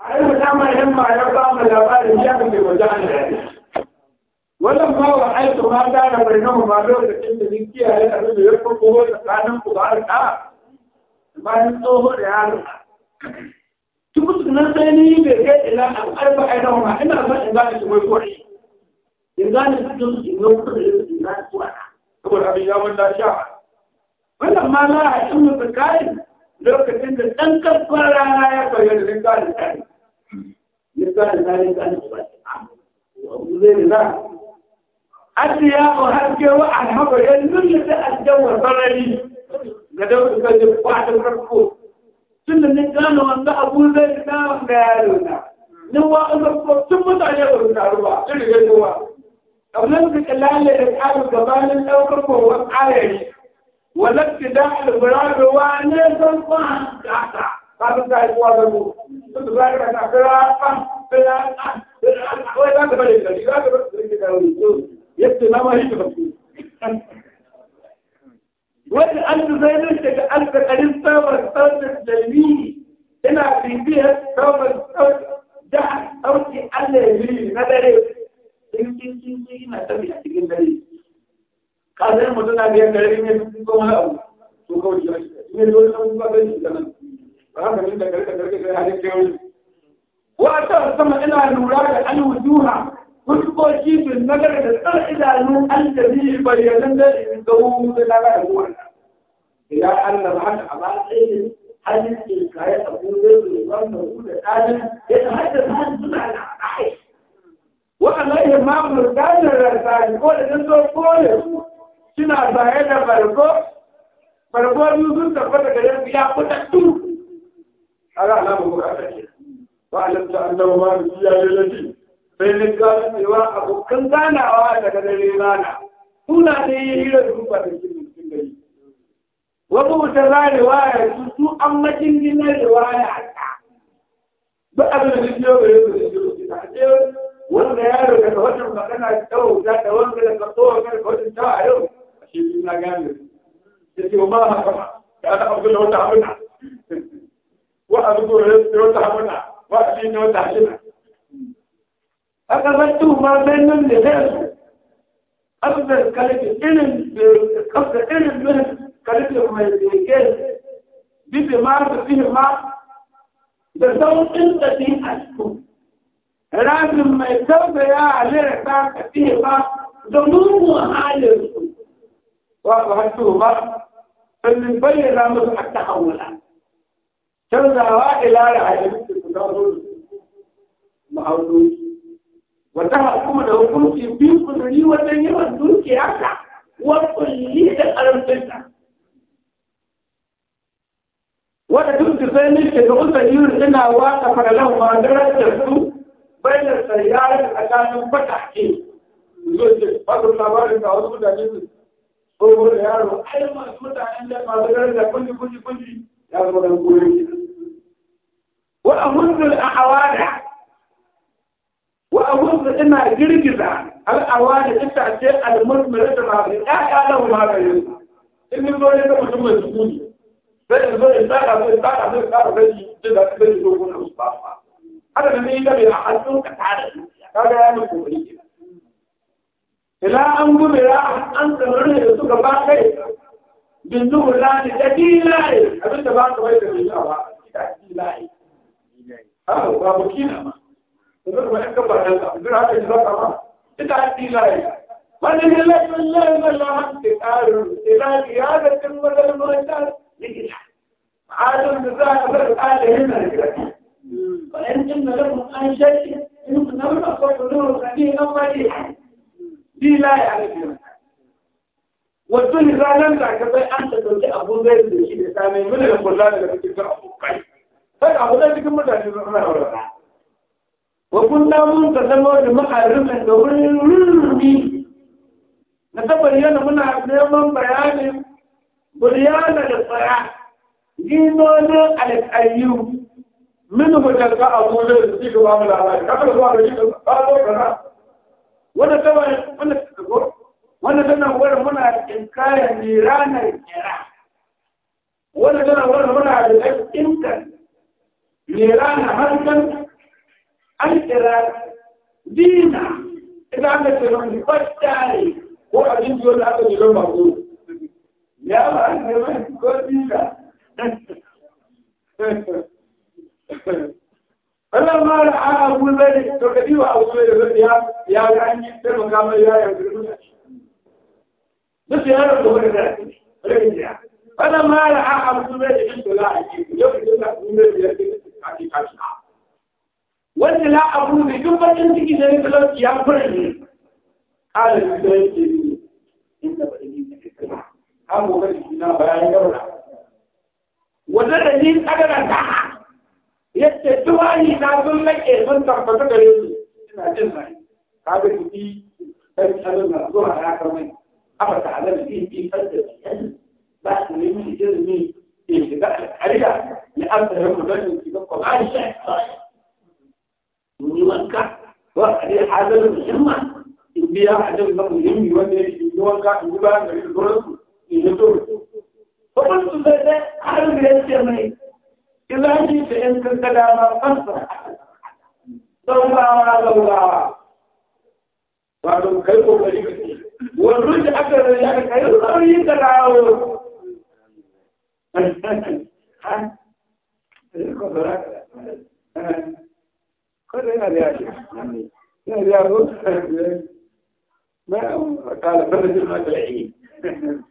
عين لما يهم يقام الأبار يهم بوجان ولما وحيت ما كان بينهم ما لو تكلم ذكي على أنه يرفق هو كان كبار كا ما ينتوه ريال تبص نسيني برجع إلى أربعة أيام أنا ما إنسان شو يقول إنسان يقول يقول إنسان سواء تقول أبي يا ولد شاعر ولما لا يحمل بكائن lokacin da ɗan karfin rana ya koyar da gane tare. Ya gane tare gane ba. Zai na. Asiya wa haske wa alhaba ya nuna da aljanwa sarari ga dauka kan da kwaɗin farko. Tun da ni gane wanda abu zai na wanda ya nuna. Ni wa an farko tun mutane ba su taru ba, tun da ya zuwa. Kamar su kalale da ƙarin gabanin ɗaukar kowar ayari. والابتداء الغراب هو أن يسلطان كعسى قالوا كيف وضعوا تتبارك أخرافا فلا ولا تبارك لا تبارك يبتنا ما يتبارك وإذا أنت زي نفسك أنت قريب ثورة ثورة التلميذ هنا في فيها ثورة ثورة جعل صوتي ألا يجري نظري يمكن يمكن يمكن ما تبي أتكلم قال لهم تنا بيا كلمة hanyoyin abubuwa zai shi da nan ba haka min da karfe karfe sai hannun kewayi wata sama ina lura da alwujuha fuskoki bin nagar da tsar idanu an jami bayyanan da gawo da naga da wannan ya Allah haka a ba tsaye hannun ke kare abu zai zai wannan da ɗanin ya haddasa hannun suna na ai wa'alaihi ma murganin rasari ko da sun zo kone su suna baye da barko farko biyu sun tabbata gare su ya fitattu ala alamu ko kada ke wa alamta annahu ma bi kiyaye lati sai ne ga cewa abokan ganawa daga dare rana suna ne hira da kuma da cikin gari wata wutar rana waya su su an majin dinar da waya haka duk abin da zai biyo gare su da shi da ake wanda ya daga wata magana ta wuta da wanda daga tsohon kada kawai ta a yau a shi suna gane yake ba ma haka da aka abu da wata abuna كلمة إلم أفضل إلم من كلمة فيه ما بزوج أنت دي أشكو لازم ما يتوب يا عليه فاك فيه ما ظنوه حالي وهو ما sannan bayyana musu a tahawula canzawa ila da halittu guda hudu ma'aunin wata hukuma da hukunci biyu kuduri wajen yawan dukiyarta wakulli da karantinta wata duk da sai ne shiga usari ina wata faralan madarar da su bayyana sayyarar a tsakanin fatake zuwa ce ba su labarin da wasu mutane su ko da yaro ai ma mutanen da ba su da kunji kunji kunji ya zama dan koyi wa ahunzul ahwada wa ahunzu ina girgiza al awada ita ce al murmura da ba ya ya da ma ga yin in zo ne da mutum mai sukuni sai in zo in tsaka sai tsaka sai tsaka sai ji da sai ji dogon ba haka ne da bai a hannun ka tare kaga ya ni koyi ila an gubira an tsararri da suka ba kai bin nuhu lani da dilaye abin da ba ka bai da bin yawa da dilaye haka ba mu kina ma kuma kuma in ka bayan ka bin haka ji zaka ma ita dilaye wani ne laifin laifin lahan ke tsarin ila ziyaratin wajen mata likita عادل بذاك بس قال هنا كده وإن كنا لهم أن شيء إنهم نبغى صوت نور سنين أولي shi la ya nufi wato ne ranar da ka bai an ɗauki abu zai da shi da sami mini da kula daga cikin kan abokai sai abu zai cikin mutane sun suna aurata wa kunna mun ka zama da maharimin da wurin rurumi na tabbari yana muna neman bayanin buryana da tsara ginonin alƙayyu min hujjar ka abu zai da cikin wa mu labari kafin zuwa da shi da ba zo kana wannan tawaye wannan tsago wannan tana wurin muna inkaya ne ranar kira wannan tana wurin muna da tsinka ne ranar harkar an kira dina ina aka ce wani fattare ko abin biyo da aka jiro mako ya ba an kai mai ko dina Allah ma ra'a abu zai to kadi wa abu zai ya ya ga an yi taimaka mai ya yi girma da shi duk ya rabu wani da shi rikin ya ana ma da a abu mai da shi da a ji yau da za su mai da shi a ji kashi wanda la abu ne duk bakin ciki da ya talauci ya fara ne kala shi da yake ne inda ba da ni da ke kana an gobe da shi na bayan gaura wanda da ni tsagara ta yadda duwani na sun lake sun tabbata gare su ina jin zai kaga kuɗi sai abin na zuwa ya kamai aka ta halar fi fi fadda ba su nemi izini in shiga alƙarya ya an tsaye mu don in shiga kwamari shi ni wanka wa a dai halar muhimma in biya hajjar na muhimmi wanda ya shi wanka in yi bayan gari da sauransu in yi to Babban su zai zai halar da ya ce mai ilahi da ‘yan kankada ma fansa, zaurawa zaurawa. wato kai kokari ka ce wannan da aka rage aka kai sauri ka dawo kada yana da yashi yana da yaro ma kala fara jin haka